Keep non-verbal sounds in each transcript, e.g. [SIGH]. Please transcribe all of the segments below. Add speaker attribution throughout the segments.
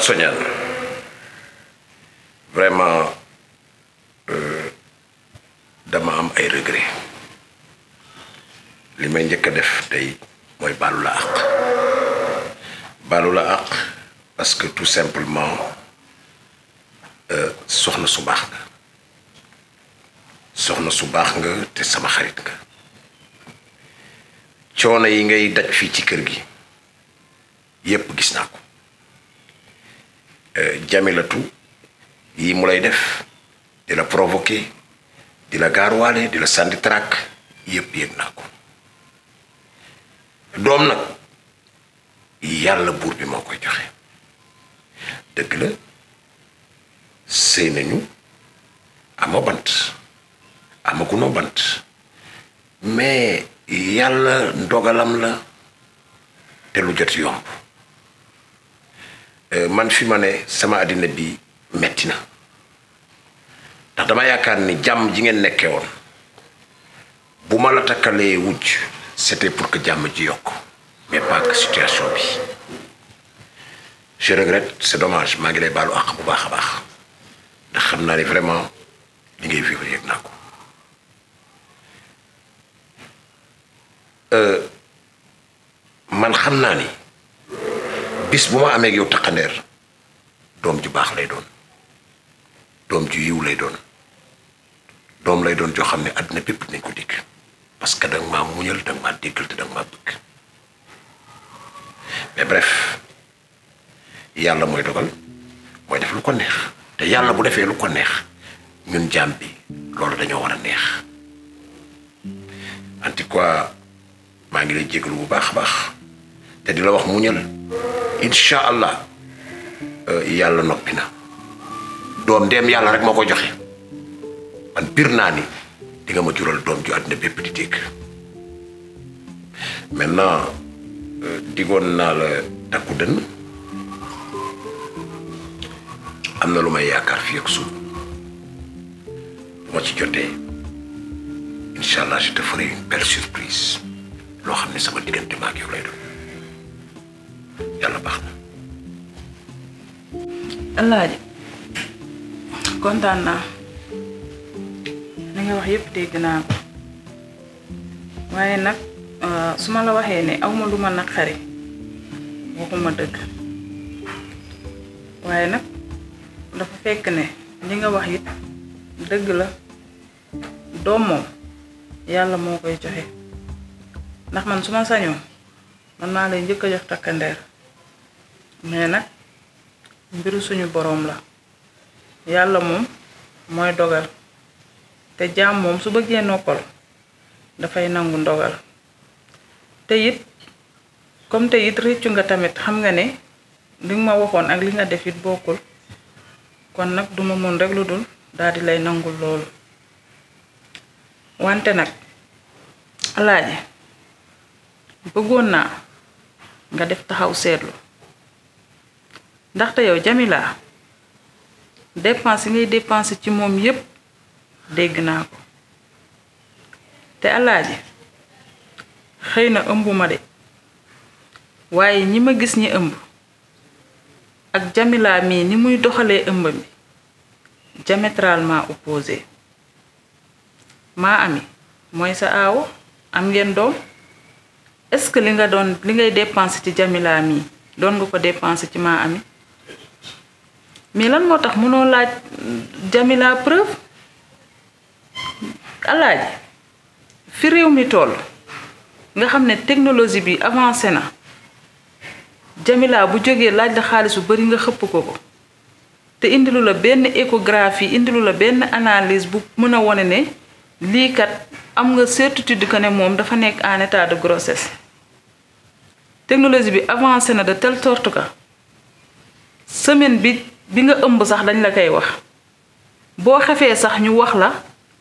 Speaker 1: Fatou Sognane vraiment eh, dama am ay regret li may njëkk a def tey mooy baalu la àq baalu la àq parce que tout simplement eh, soxna su baax nga soxna su baax nga te sama xarit nga coono yi ngay daj fii ci kër gi yépp gis naa ko Euh, jamilatu yi mu lay def di la provoquer di la gaaruwaale di la sànni traak yëpp yëg naa ko doom nag yàlla buur bi moo koy joxe dëgg la sëy nañu amoo bant amagunoo bant mais yàlla ndogalam la te lu jot yomb Euh, man fi ma ne sama àddina bi metti na ndax dama yaakaar ni jàmm ji ngeen nekkee woon bu ma la takkalee wujj c'était pour que jàmm ji yokk mais pas que situation bi je regrette c'est dommage maa ngi lay baalu àq bu baax a baax ndax xam naa ni vraiment li ngay vivre yëg naa ko euh, man xam naa ni bis bu ma amee yow taqandeer doom ju baax lay doon doom ju yiw lay doon doom lay doon joo xam ne àdduna bépp nañ ko dégg parce que danga maa muñal danga maa déggal te danga maa bëgg mais yàlla mooy dogal mooy def lu ko neex te yàlla bu defee lu ko neex ñun jaam bi loolu dañoo war a neex en maa ngi lay jégalu bu baax a baax te di la wax muñal incha allah eh, yàlla noppi na doom ndeem yàlla rek moo ko joxe man biir naa ni dinga nga ma jural doom ju àddina bépp di dégg maintenant eh, digoon naa la takku dënn am na lu may yaakaar fii ak suuf bu ci jotee incha allah je une belle surprise loo xam ne sama diggante maag yow lay doon. yàlla baax na.
Speaker 2: Alaaji kontaan naa li nga wax yépp te naa ko waaye nag euh, su ma la waxee ne awma lu ma naqari ma dëgg waaye nag dafa fekk ne li nga wax it dëgg la doom moom yàlla moo koy joxe ndax man su ma sañoo man maa lay njëkk a jox takkandeer mais nag mbiru suñu boroom la yàlla moom mooy dogal te jaam moom su bëggee nokkol dafay nangu ndogal te it comme te it réccu nga tamit xam nga ne li nga ma waxoon ak li nga def it bokkul kon nag duma mën rekk lu dul daal di lay nangul loolu wante nag alaaji bëggoon naa nga def taxaw seetlu ndaxte yow Jamila dépense yi ngay dépense ci moom yépp dégg naa ko te alaaji xëy na ëmb ma de waaye ñi ma gis ñi ëmb ak Jamila mii ni muy doxalee ëmb mi diamétralement opposé maa ami mooy sa aawo am ngeen doom est-ce que li nga doon li ngay dépense ci Jamila mii doon nga ko dépense ci maa ami mais lan moo tax mënoo laaj Jamila preuve alaaji fi réew mi tool nga xam ne technologie bi avancé na Jamila bu jógee laaj la xaalis bu bari nga xëpp ko ko te indilu la benn échographie indilu la benn analise bu mën a wone ne lii kat am nga certitude ko ne moom dafa nekk en état de grossesse technologie bi avancé na de telle sorte que semaine bi. bi nga ëmb sax dañ la koy wax boo xefee sax ñu wax la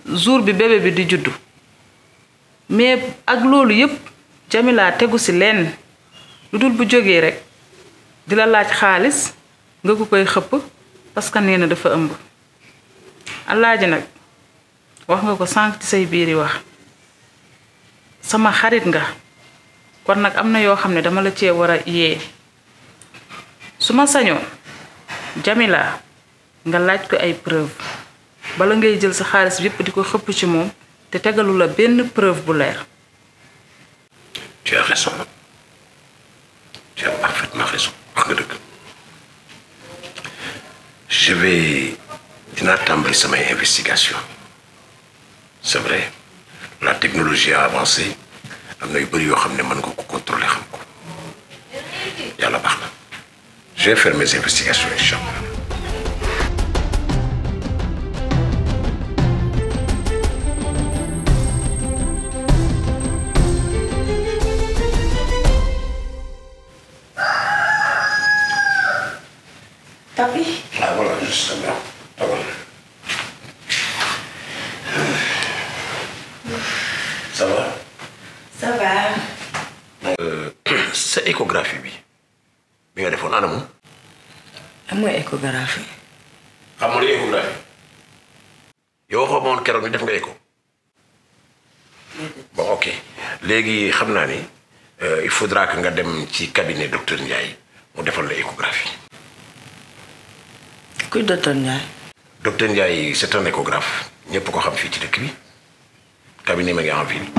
Speaker 2: jour bi bébé bi di juddu mais ak loolu yépp Jamila tegu ci lenn lu dul bu jógee rekk di la laaj xaalis nga ko koy xëpp parce que nee na dafa ëmb alaaji nag wax nga ko sànq ci say biir yi wax sama xarit nga kon nag am na yoo xam ne dama la cee war a yee su ma sañoon Jamila nga laaj ko ay preuve bala ngay jël sa xaalis yépp di ko xëpp ci moom te tegalu la benn preuve bu leer.
Speaker 1: tu as raison nga dëgg je vais dinaa tàmbali samay investigation c'est vrai la technologie a avancé am na yu bëri yoo xam ne mën nga ko contrôler xam ko Je vais mes investigations, Inch'Allah. Papi Ah voilà, juste là. Pardon. Ça va
Speaker 3: Ça va.
Speaker 1: Euh, sa [CLEARS THROAT] échographie bi bi nga defoon ana moom
Speaker 3: nga échographie.
Speaker 1: xam nga li échographie. yow waxoo keroog ni def nga écho. bon ok léegi xam naa ni euh, il faudra que nga dem ci cabinet docteur Ndiaye mu defal la échographie.
Speaker 4: kuy docteur Ndiaye.
Speaker 1: docteur Ndiaye c'est un échographe ko xam fii ci dëkk bi cabinet ma ngi en ville.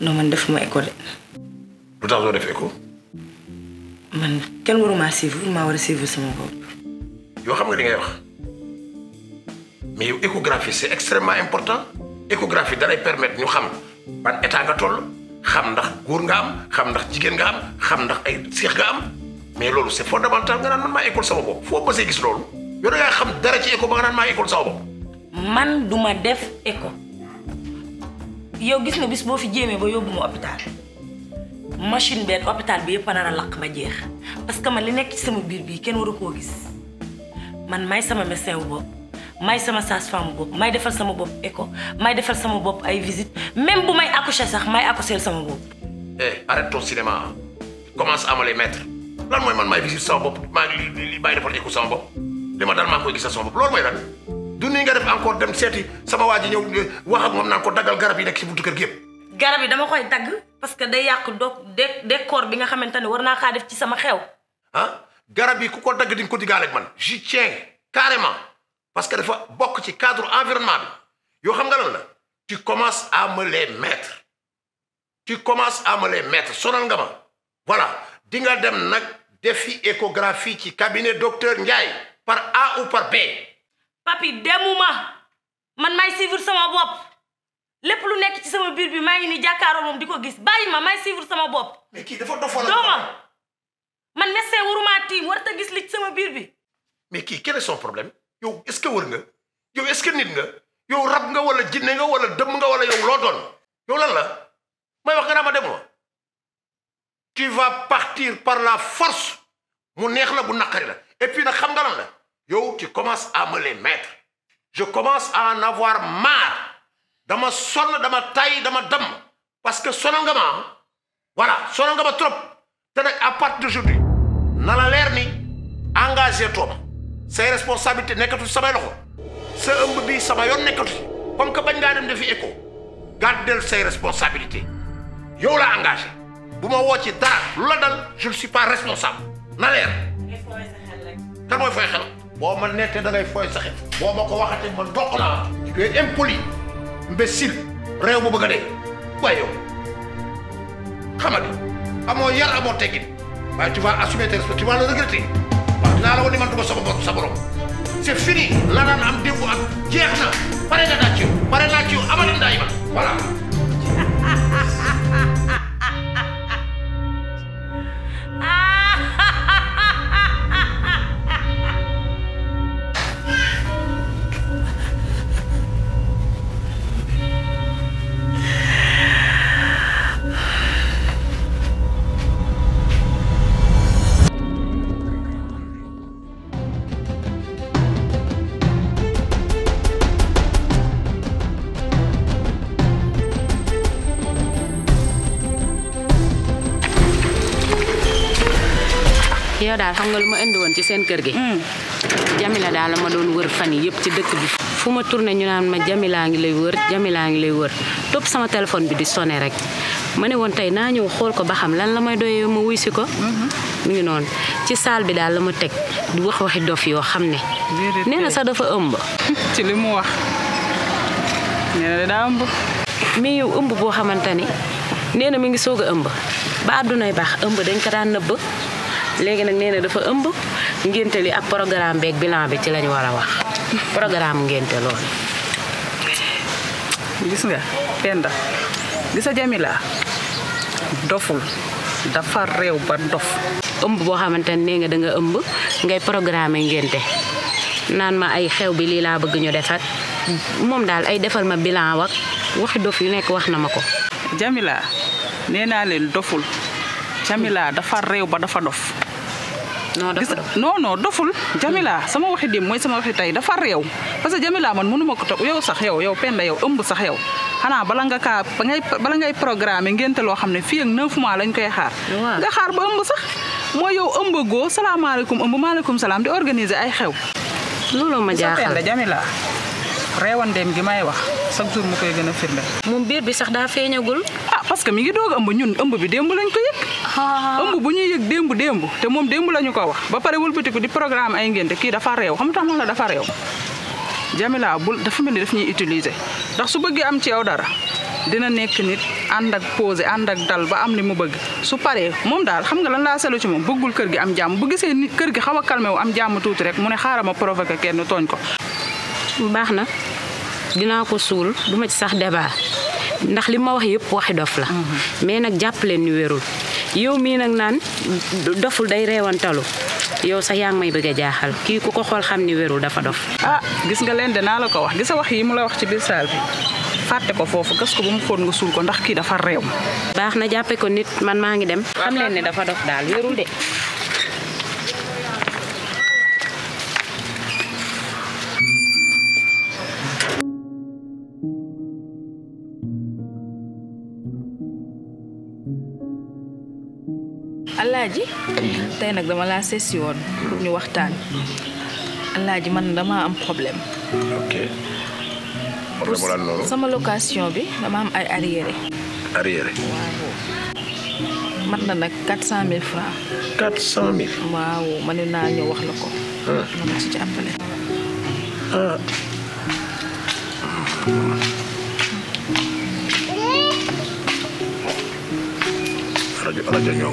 Speaker 3: non man defuma écho de.
Speaker 1: lu tax doo def écho.
Speaker 3: man kenn waruma suivre maa war a suivre sama bopp.
Speaker 1: yoo xam nga li ngay wax mais yow échographie c'est extrêmement important échographie danay permettre ñu xam ban état nga toll xam ndax góor nga am xam ndax jigéen nga am xam ndax ay seex nga am mais loolu c'est fondamental nga naan man maa école sama bopp foo ba see gis loolu yow da ngaa xam dara ci écho ba nga naan maa école sama bopp.
Speaker 3: man duma def écho yoo gis nga bis boo fi jéemee ba yóbbu ma hôpital. machine benn hôpital bi yëpp a nar a lakk ba jeex parce que man li nekk sama biir bii kenn waru koo gis man may sama médecin wu bopp may sama sage-femme bopp may defal sama bopp écho may defal sama bopp ay visite même bu may accoucher sax may accoucher sama bopp.
Speaker 1: eh arrête ton cinéma commence à me les mettre lan mooy man may visite sama bopp maa ngi li ma daal maa koy gisal sama bopp loolu mooy lan du nga def encore dem seeti sama waa ji ñëw eh, wax ak moom naan ko daggal garab yi nekk ci buntu kër gi yëpp
Speaker 3: garab yi dama koy dagg parce que day yàq do décor bi nga xamante ne war naa kaa def ci sama xew.
Speaker 1: ah garab yi ku ko dagg di nga ko digaale ak man. j'y tiens carrément parce que dafa bokk ci cadre environnement bi yoo xam nga lan na tu commence à me les mettre tu commences à me les mettre sonal nga ma voilà di nga dem nag défi échographie ci cabinet docteur Ndiaye par A ou par B.
Speaker 3: papi demuma man may suivre sama bopp. lépp lu nekk ci sama biir bi maa yi ni jàkkaaroo moom di ko gis bàyyi ma may suivre sama bopp. mais kii dafa dofa la dooma man médecin waruma tiim warta gis li ci sama biir bi.
Speaker 1: mais kii quel son problème yow est-ce que nga nit nga yow rab nga wala jinne nga wala dëmm nga wala yow loo doon yow lan la may wax nga naa ma demoo. tu vas partir par la force mu neex na bu naqari la et puis nag xam nga lan la yow tu commences à me les mettre je commence en avoir dama sonn dama tay dama dam parce que sonal nga ma voilà sonal nga ma trop te nag à partir d'aujourd'hui na la leer ni engagé tooma say responsabilité nekkatu samay loxo sa ëmb bi sama yoon nekkatu comme que bañ ngaa dem defi écho gàddel say responsabilité yow la engagé bu ma woo ci dara lu la dal je ne suis pas responsable na leer kan mooy fooy xel boo ma nettee da ngay fooy sa xel ma ko waxatee ma doq la tu es impoli mbésil réew bu bëgg a dee waaye yow xamadi amoo yar amoo teggin waaye tu vas assumer tes responsabilités tu vas le regretter la woon ni man du ma sama bopp sa borom am démb am jeex na pare nga naa ci yow pare naa ci yow amati ndaay ma
Speaker 5: la daal xam nga lu ma indi woon ci seen kër gi. Mm. Jamila daal la ma doon wër fan yi yëpp ci dëkk bi. fu ma tourné ñu naan ma jamilaa ngi lay wër Jamila ngi lay wër topp sama téléphone bi di sonné rek ma ne woon tey naa ñëw xool ko ba xam lan la may doyee ma wuy si ko. Mm-hmm. mu ngi noonu ci saal bi daal la ma teg du wax waxi dof yoo xam ne. nee na sax dafa ëmb.
Speaker 2: [LAUGHS] ci li mu wax
Speaker 5: ëmb. boo xamante ni nee na mi ngi soog a ëmb ba àddunay baax ëmb dañ ko daan nëbb. léegi nag nee dafa ëmb ngénte li ak programme beeg bilan bi ci lañu war a wax programme ngénte loolu gis nga
Speaker 2: penda gisa Jamila doful dafa réew ba
Speaker 5: dof ëmb boo xamante ne nee nga da ëmb ngay programme ngénte naan ma ay xew bi lii bëgg ñu defar moom daal ay defal ma bilan wax waxi yu nekk wax na ma ko
Speaker 2: Jamila nee naa leen doful Jamila dafa réew ba dafa dof non non doful Jamila sama waxi dem mooy sama waxi tey dafa réew parce que Jamila man mënu ma ko toog yow sax yow yow Penda yow ëmb sax yow xanaa bala nga kaa bala ngay programme ngénte loo xam ne fii ak neuf mois lañ koy xaar nga xaar ba ëmb sax mooy yow ëmb goo salaamaaleykum ëmb maaleykum salaam di organiser ay xew looloo ma jaaxal Jamila reewandeem gi may wax chaque jour mu koy gën a firnde. moom biir bi
Speaker 5: sax daa feeñagul.
Speaker 2: ah parce que mi ngi doog ëmb ñun ëmb bi démb lañ ko yëg. Ah. ëmb bu ñuy yëg démb démb te moom démb lañu ko wax ba pare wëlbatiku di programme ay ngénte kii dafa réew xam tax moom la dafa réew. Jamila bul dafa mel ni daf ñuy utiliser ndax su bëggee am ci yow dara dina nekk nit ànd ak posé ànd ak dal ba am li mu bëgg su paree moom daal xam nga lan laa selu ci moom bëggul kër gi am jàmm bu gisee kër gi xaw a calmé wu am jàmm tuuti rek mu ne xaaral ma provoqué kenn tooñ ko.
Speaker 5: baax na. dinaa ko suul du ma ci sax debaa ndax li ma wax yëpp waxi dof la mais nag jàpp leen ni wérul yow mii nag naan doful day reewantalu yow sax yaa ngi may bëgg a jaaxal kii ku ko xool xam ni wérul dafa dof
Speaker 2: ah gis nga leen de naa la ko wax gisa wax yii mu la wax ci biir saal fàtte ko foofu gas ko ba mu
Speaker 5: xóot nga suul ko ndax kii dafa réew baax na jàppe ko nit man maa ngi dem xam leen dafa dof daal wérul de
Speaker 4: Alaaji
Speaker 6: tey nag dama laa seesi woon pour ñu waxtaan Alaaji man dama am problème.
Speaker 1: ok sama location
Speaker 6: bi dama am ay arriéré.
Speaker 1: arriéré waaw.
Speaker 6: mat na nag quatre cent mille francs. quatre cent mille. waaw man naa ñëw wax la ko.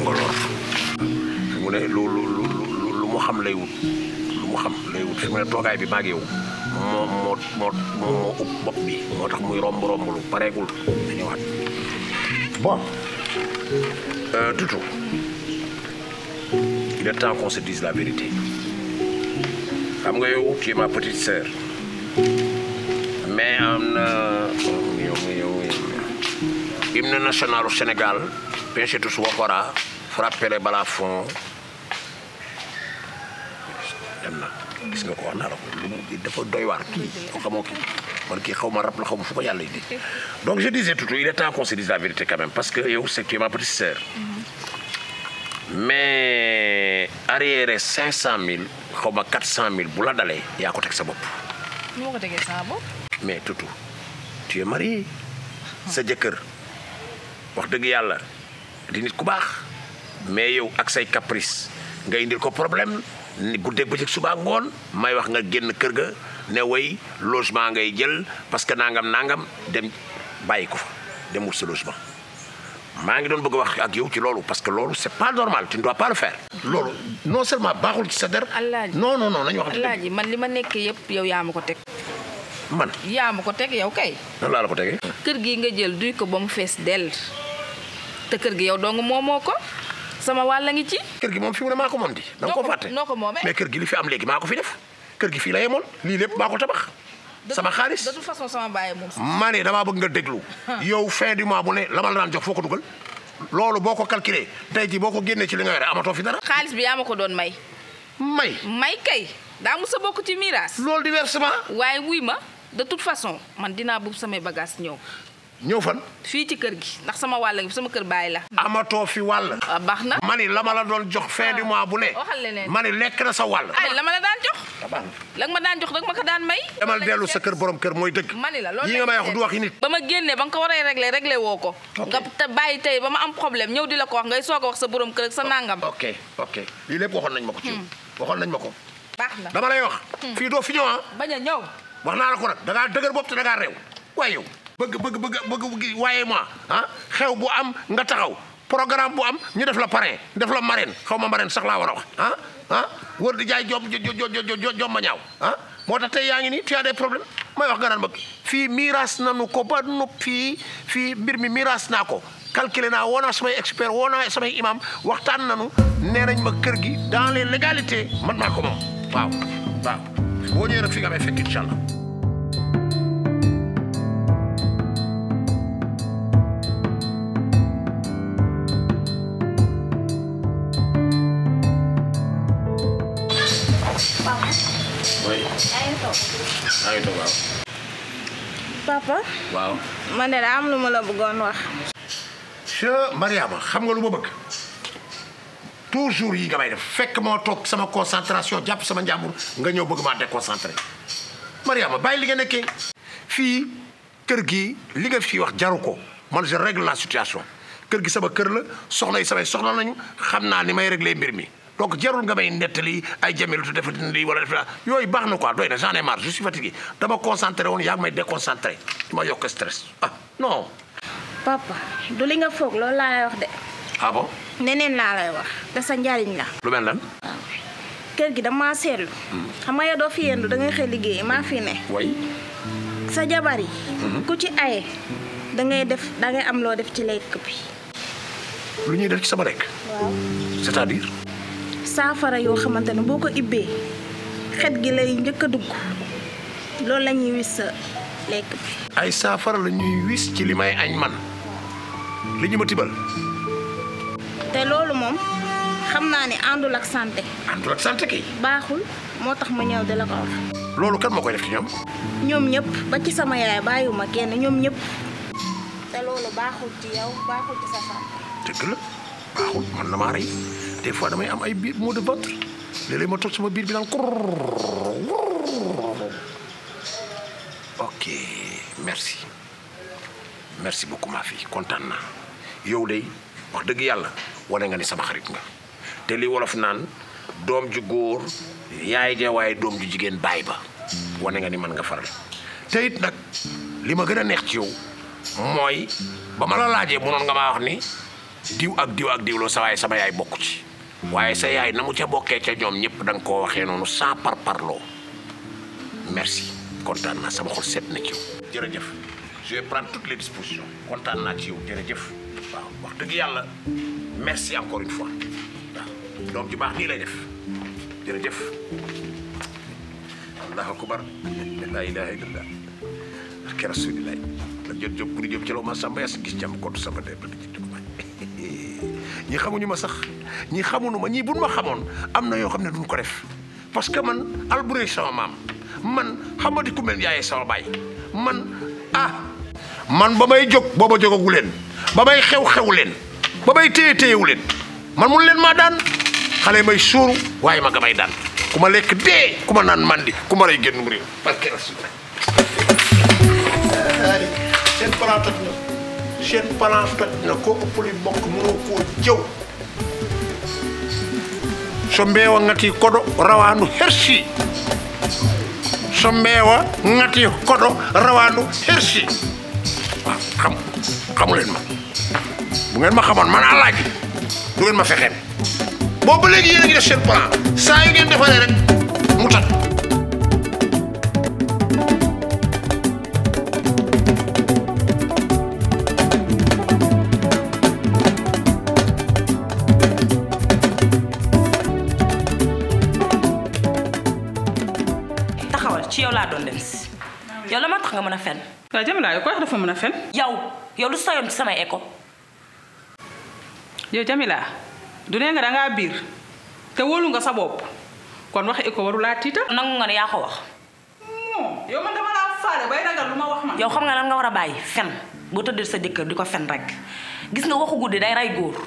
Speaker 1: Ah. ne lu lu lu lu mu xam lay wut lu mu xam lay toogaay bi maag yow moo moo moo moo ëpp bopp moo tax muy romb romb lu pareegul dañuy wax bon euh, Tutu il temps qu'on se dise la vérité xam nga yow tu ma petite sœur mais am na hymne national au Sénégal, pinchez tous vos frappez les balafons, dafa doy waar kii xamoo kii man kii xaw ma rab la xaw ma ko yàlla indi donc je disais tout il est temps qu'on se dise vérité parce que yow c'est ma petite mm-hmm. mais arriéré 500000 xaw ma 400000 bu la dalee yaa ko teg sa bopp. ni mais Toutou tu es sa jëkkër wax dëgg yàlla di nit ku baax mais yow ak say caprice nga indil ko problème. guddee bëccëg subaa ngoon may wax nga génn kër ga ne way logement ngay jël parce que nangam nangam dem bàyyi ko fa dem wut sa logement maa ngi doon bëgg wax ak yow ci loolu parce que loolu c'est pas normal tu ne dois pas le faire. loolu non seulement baaxul ci sa der. alaaji non non non nañu wax. alaaji
Speaker 6: man li ma nekk yëpp yow yaa ma ko teg. man yaa ma ko teg yow kay. nan laa la ko tegee. kër gi nga jël duy ko ba mu fees dell te kër gi yow dong moomoo sama wàll la ngi ci.
Speaker 1: kër gi moom fi mu ne maa ko moom di. da nga koo fàtte noo ko moomee mais kër gi li fi am léegi maa ko fi def kër gi fii la yemoon lii lépp maa ko tabax. sama xaalis de
Speaker 6: toute façon sama bàyyi moom. ma ne damaa
Speaker 1: bëgg nga déglu. yow fin du mois bu ne la ma la daan jox foo ko dugal. loolu boo ko calculé tey jii boo ko génnee ci li nga yore amatoo fi dara.
Speaker 6: xaalis bi yaa ma ko doon may. may may kay daa mu sa bokk ci miraas. loolu di versement. waaye wuy ma de toute façon man dinaa buub samay bagage ñëw ñëw fan. fii ci kër gi ndax sama wàll sama kër bàyyi la.
Speaker 1: amatoo fi wàll. waaw ah, baax na. mani la ma la doon jox fin du ah, mois bu ne. waxal leneen mani lekk na sa wàll. ay
Speaker 6: la ma la daan jox. la ma daan jox rek ma ko daan may. demal
Speaker 1: dellu sa kër borom kër mooy dëgg. mani
Speaker 6: la loolu yi nga may wax ba ma génnee ba nga ko war a réglé réglé woo ko. nga te bàyyi tey ba ma am problème ñëw di la ko wax ngay soog a wax sa borom kër ak sa nangam.
Speaker 1: ok lii lépp waxoon nañ ma ko ci. Hmm. waxoon nañ ma ko. baax na dama lay wax. Hmm. fii doo fi ñëw ah. bañ a ñëw. wax naa la ko nag da dëgër bopp te da ngaa réew waaye yow bëgg bëgg bëgg bëgg waaye ma ah xew bu am nga taxaw programme bu am ñu def la parrain def la marraine xaw ma marraine sax laa war a wax ah ah wër di jaay jom jom ba ñaaw ah. moo tax tey yaa ngi nii tu as des may wax nga naan ma fii miiras nañu ko ba nopp fii fii mbir mi miiras naa ko calculé naa woo naa samay expert woo naa samay imam waxtaan nañu nee nañ ma kër gi dans le légalités man maa ko moom waaw waaw boo ñëwee nag fi nga may fekk incha papa. waaw
Speaker 4: man ne daa am lu ma la
Speaker 1: bëggoon wax. che xam nga lu ma bëgg toujours yi nga may def fekk moo toog sama concentration jàpp sama njàmbur nga ñëw bëgg ma maa déconcentré Mariama bàyyi li nga nekkee. fii kër gi li nga fi wax jaru ko man je règle la situation kër gi sama kër la soxna yi samay soxna nañu xam naa ni may réglé mbir mi. donc jarul nga may nettali ay jamilu tu defati lii wala defati yooyu baax na quoi doy na j'en ai marre je suis fatigué dama concentré woon yaa ngi may déconcentré ma yokk stress ah non.
Speaker 4: papa du li nga foog loolu laa lay wax de. ah bon. neneen laa lay wax da sa njariñ la. lu mel lan. Ah, kër gi damaa seetlu. Hmm. xam nga yow fi yendu da ngay xëy liggéey maa fi ne. way sa jabar yi. Hmm. ku ci aye dangay def dangay am loo def ci lekk bi.
Speaker 1: lu ñuy def ci sama lekk. c'est-à-dire.
Speaker 4: saafara yoo xamante ne boo ko ibbee xet gi lay njëkk a dugg loolu la wis sa lekk bi.
Speaker 1: ay saafara la ñuy wis ci li may añ man li ñu ma tibal.
Speaker 4: te loolu moom xam naa ni àndul ak santé.
Speaker 1: àndul ak santé kay.
Speaker 4: baaxul moo tax ma ñëw di la ko wax.
Speaker 1: loolu kan moo koy def ci ñoom.
Speaker 4: ñoom ñëpp ba ci sama yaay bàyyiwuma kenn ñoom ñëpp. te loolu baaxul ci yow baaxul ci sa femme.
Speaker 1: dëgg la baaxul man la maa rey. des fois damay am ay biir maux de ventre léeg-léeg ma toog sama biir bi naan ok merci merci beaucoup ma fille kontaan naa yow de wax dëgg yàlla wane nga ni sama xarit nga te li wolof naan doom ju góor yaay ja waaye doom ju jigéen baay ba wane nga ni mën nga faral te it nag li ma gën a neex ci yow mooy ba ma la laajee mënoon nga maa wax ni diw ak diw ak diw loo sa waaye sama yaay bokku ci waaye sa yaay na mu ca bokkee ca ñoom ñëpp danga nga koo waxee noonu sans par parloo merci kontaan naa sama xol set na ci yow. jërëjëf je vais prendre toutes les dispositions kontaan naa ci yow jërëjëf waaw wax dëgg yàlla merci encore ju baax nii lay def jërëjëf allahu ke jot jop buri ci loo ma samba yas gis jàmm kott sama de [LAUGHS] ñi xamuñu ma sax ñi xamunu ma ñii buñ ma xamoon am na yoo xam ne duñ ko def parce que man Alboury sama maam man xamadi ku mel yaayee sama baay man ah man ba may jóg booba jógagu leen ba may xew-xew leen ba may téye téyewu leen man mun leen maa daan xale may suuru waaye ma nga may daan ku ma lekk dee ku ma naan man di ku ma rey génn réew parce que seen parent na seen parent toj so mbeewa ŋati koɗo rawandu hersi so mbeewa ŋati koɗo rawandu hersi xam xamuleen ma bu ngeen ma xamoon man alaaji du ngeen ma fexeen boobu ba léegi yéen a seen plan saa yu defaree rek mu tat
Speaker 3: ci yow laa doon dem si. yow la ma tax nga mën a fen. waaw Jamila yow ko wax dafa mën a fen. yow yow lu
Speaker 2: sa yoon ci samay écho. yow Jamila du nee nga dangaa biir te wóolu nga sa bopp kon wax écho waru laa tiita. nangu nga ne yaa ko wax. yow lu ma wax
Speaker 3: xam nga lan nga war a bàyyi fen boo tëddee sa jëkkër di ko fen rek gis nga waxu guddi day rey góor.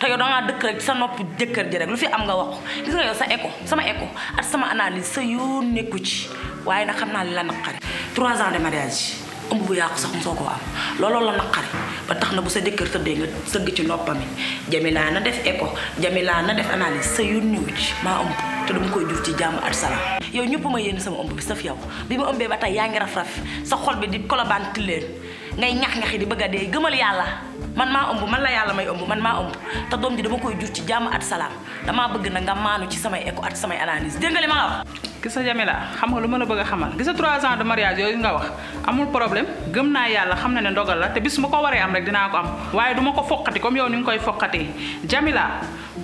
Speaker 3: te yow dangaa dëkk rek sa noppi dëkkër ji rek lu fi am nga wax gis nga yow sa écho sama écho ak sama analyse sa yoon nekku ci waaye nag xam naa li la naqari trois ans de mariage ëmb bu yàqu sax mosoo ko am looloo la naqari ba tax na bu sa jëkkër tëddee nga sëgg ci noppam yi Jamila na def écho Jamila na def analyse sa yoon niwu ci maa ëmb te dama koy jur ci jàmm ak salaam yow ñëpp ma yéen sama ëmb bi saf yow bi ma ëmbee ba tey yaa ngi raf-raf sa xol bi di kolobaan tilleen ngay ñax-ñaxi di bëgg dee gëmal yàlla man maa ëmb man la yàlla may ëmb man maa ëmb te doom ji dama koy jur ci jàmm at salaam
Speaker 2: damaa bëgg na nga maanu ci samay écho at samay analyse dégg nga ma nga gis nga Jamila xam nga lu ma la bëgg xamal gis nga trois ans de yooyu nga wax amul problème gëm naa yàlla xam na ne ndogal la te bis ma ko waree am rek dinaa ko am waaye du ma ko foqati comme yow ni nga koy foqatee Jamila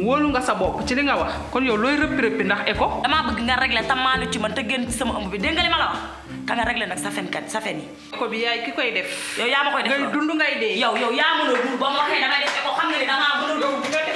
Speaker 2: wóolu nga sa bopp ci li nga wax kon yow looy rëppi rëppi ndax écho.
Speaker 3: damaa bëgg nga régler te maanu ci man te génn ci sama ëmb bi dégg nga li ma la ka nga réglé nag sa fen kat sa fen yi. ko bi yaay koy def. yow yaa de koy def ngay dund ngay dee. yow yow yaa mën a dund ba mu waxee dama def ko xam nga ne dama mën a dund.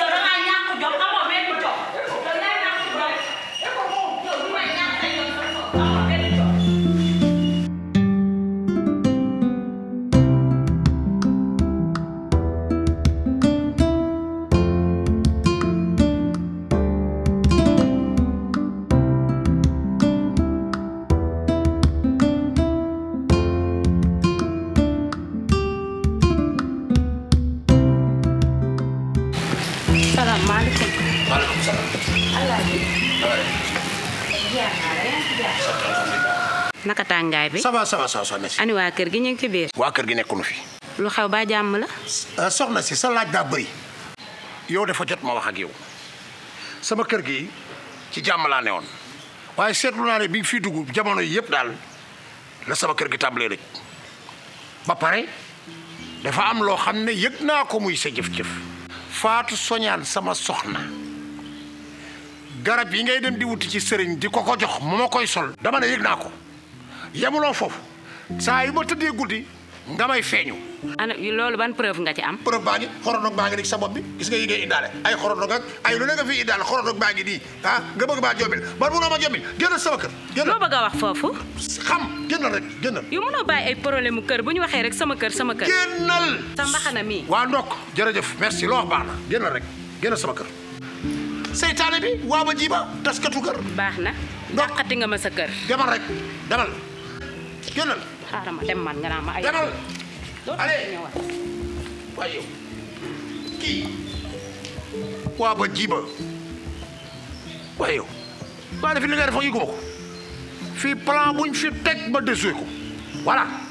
Speaker 5: bi. ça va ça va ça va si. ani waa kër gi ñu ngi ci biir. waa kër gi nekkunu fi. lu xew ba
Speaker 1: jàmm la. Euh, soxna si sa laaj daa bëri. yow dafa jot ma wax ak yow sama kër gi ci jàmm laa newoon waaye seetlu naa ne bi fii dugg jamono yi yëpp daal la sama kër gi tàmbalee rek ba pare dafa am loo xam ne yëg naa ko muy sa jëf-jëf. faatu soñaan sama soxna garab yi ngay dem di wuti ci sëriñ di ko ko jox mu ma koy sol. dama ne yëg naa ko. yamuloo foofu saa yi ma tëddee guddi nga may feeñu. ana loolu ban preuve nga ci am. preuve baa ngi baa ngi sa bopp bi gis nga yi ngay ay xoronog ak ay lu ne nga fi indaale xoronog baa ngi nii ah nga a wax foofu. xam génnal rek génnal. yu
Speaker 5: munoo bàyyi ay problème mu kër bu ñu waxee rek sama kër sama kër. génnal.
Speaker 1: sa mbaxana mi. waa ndokk jërëjëf merci loo wax baax na génnal rek génn sama kër. seytaane bi waa ba jiiba taskatu kër. baax na. ndox xati nga ma sa kër. demal rek
Speaker 5: demal génnal. xaaral ma dem man nga
Speaker 1: waa ba ji ba waaye yow. waaye fi li nga ko fii plan buñ teg ba desuwe ko voilà.